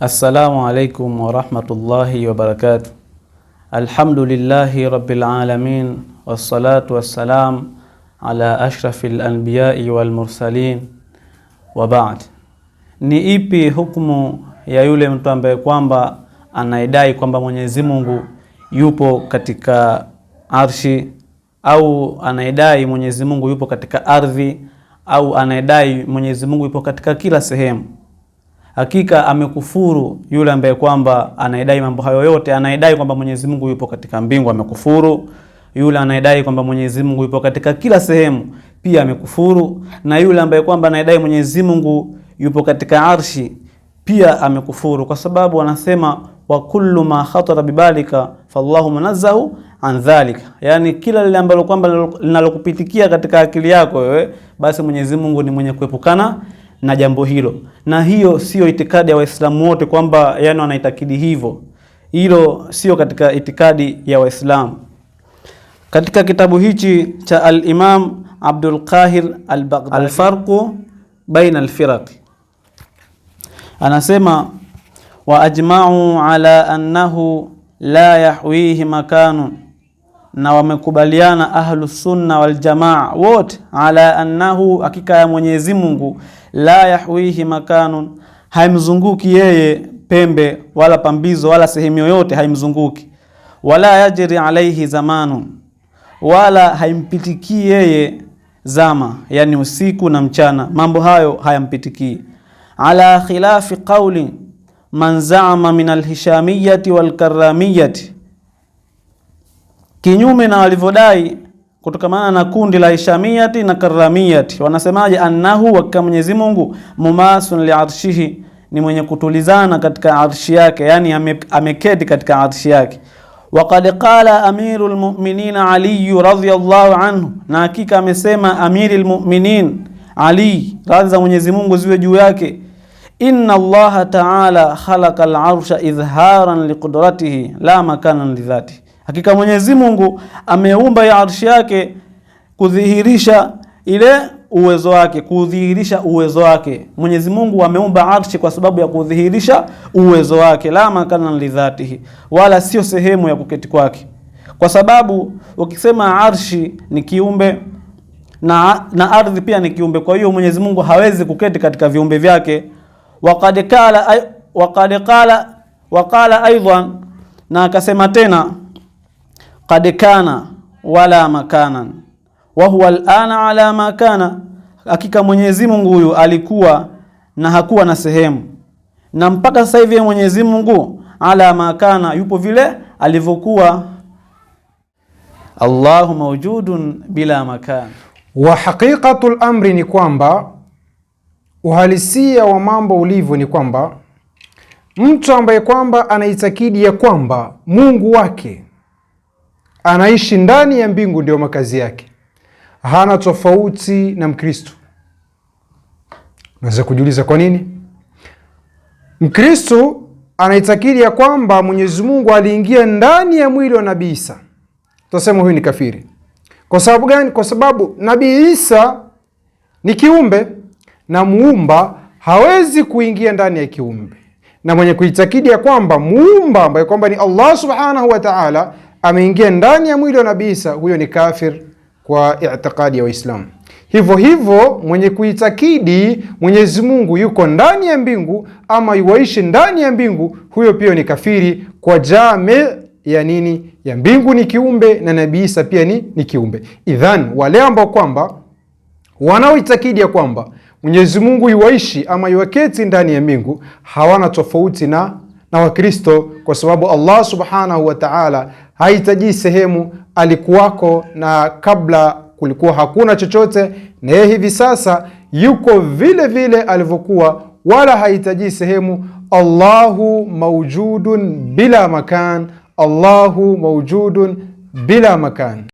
Assalamu alaikum warahmatullahi wabarakatuh. Alhamdulillahi rabbil alamin wassalatu wassalam ala ashrafil anbiyai wal mursalin wa ba'd. Ni ipi hukumu ya yule mtu ambaye kwamba anaidai kwamba Mwenyezi Mungu yupo katika arshi au anaidai Mwenyezi Mungu yupo katika ardhi au anaidai Mwenyezi Mungu yupo katika kila sehemu hakika amekufuru yule ambaye kwamba anaidai mambo hayo yote, anaidai kwamba Mwenyezi Mungu yupo katika mbingu amekufuru. Yule anaidai kwamba Mwenyezi Mungu yupo katika kila sehemu pia amekufuru, na yule ambaye kwamba anaidai Mwenyezi Mungu yupo katika arshi pia amekufuru, kwa sababu wanasema wa kullu ma khatara bibalika fallahu munazzahu an dhalika, yani kila lile ambalo kwamba linalokupitikia katika akili yako wewe, basi Mwenyezi Mungu ni mwenye kuepukana na jambo hilo, na hiyo sio itikadi ya Waislamu wote kwamba yani wanaitakidi hivyo. Hilo sio katika itikadi ya Waislamu. Katika kitabu hichi cha al-Imam Abdul Qahir al-Baghdadi al-Farqu baina al-Firaq anasema wa ajma'u ala annahu la yahwihi makanun na wamekubaliana wal jamaa wote, ala annahu, hakika ya Mwenyezi Mungu, la yahwihi makanun, haimzunguki yeye pembe wala pambizo wala sehemu yoyote haimzunguki, wala yajri alaihi zamanun, wala haimpitikii yeye zama, yani usiku na mchana, mambo hayo hayampitikii. Ala khilafi qauli man zaama min alhishamiyati walkaramiyati kinyume na walivyodai kutokamana na kundi la ishamiyati na Karamiyati. Wanasemaje? annahu wakika Mwenyezi Mungu mumasun liarshihi, ni mwenye kutulizana katika arshi yake, yani ameketi katika arshi yake. Waqad qala amiru lmuminin Ali radhiyallahu anhu, na hakika amesema amiri lmuminin Ali, radhi za Mwenyezi Mungu ziwe juu yake Inna Allaha taala khalaqa larsha izharan liqudratihi la makanan lidhatihi Hakika Mwenyezi Mungu ameumba ya arshi yake kudhihirisha ile uwezo wake, kudhihirisha uwezo wake. Mwenyezi Mungu ameumba arshi kwa sababu ya kudhihirisha uwezo wake, la makana lidhatihi, wala sio sehemu ya kuketi kwake, kwa sababu ukisema arshi ni kiumbe na, na ardhi pia ni kiumbe. Kwa hiyo Mwenyezi Mungu hawezi kuketi katika viumbe vyake. Waqad qala waqad kala waqala aidan, na akasema tena qad kana wala makana wa huwa alana ala ma kana, hakika Mwenyezi Mungu huyu alikuwa na hakuwa na sehemu, na mpaka sasa hivi Mwenyezi Mungu ala ma kana, yupo vile alivyokuwa. Allahu mawjudun bila makan. Wa haqiqatul amri ni kwamba uhalisia wa mambo ulivyo ni kwamba mtu ambaye kwamba anaitakidi ya kwamba Mungu wake anaishi ndani ya mbingu, ndio makazi yake. Hana tofauti na Mkristo. Unaweza kujiuliza kwa nini Mkristo anaitakidi ya kwamba Mwenyezi Mungu aliingia ndani ya mwili wa Nabii Isa. Tutasema huyu ni kafiri. Kwa sababu gani? Kwa sababu Nabii Isa ni kiumbe na muumba hawezi kuingia ndani ya kiumbe, na mwenye kuitakidi ya kwamba muumba ambaye kwamba ni Allah subhanahu wa taala ameingia ndani ya mwili wa Nabii Isa, huyo ni kafir kwa itikadi ya Waislamu. Hivyo hivyo mwenye kuitakidi Mwenyezi Mungu yuko ndani ya mbingu ama yuwaishi ndani ya mbingu, huyo pia ni kafiri kwa jame ya nini ya mbingu ni kiumbe na Nabii Isa pia ni, ni kiumbe. Idhan wale ambao kwamba wanaoitakidi ya kwamba Mwenyezi Mungu yuwaishi ama yuwaketi ndani ya mbingu hawana tofauti na na Wakristo kwa sababu Allah subhanahu wa taala hahitaji sehemu, alikuwako na kabla kulikuwa hakuna chochote, na yeye hivi sasa yuko vile vile alivyokuwa, wala hahitajii sehemu. Allahu maujudun bila makan, Allahu maujudun bila makan.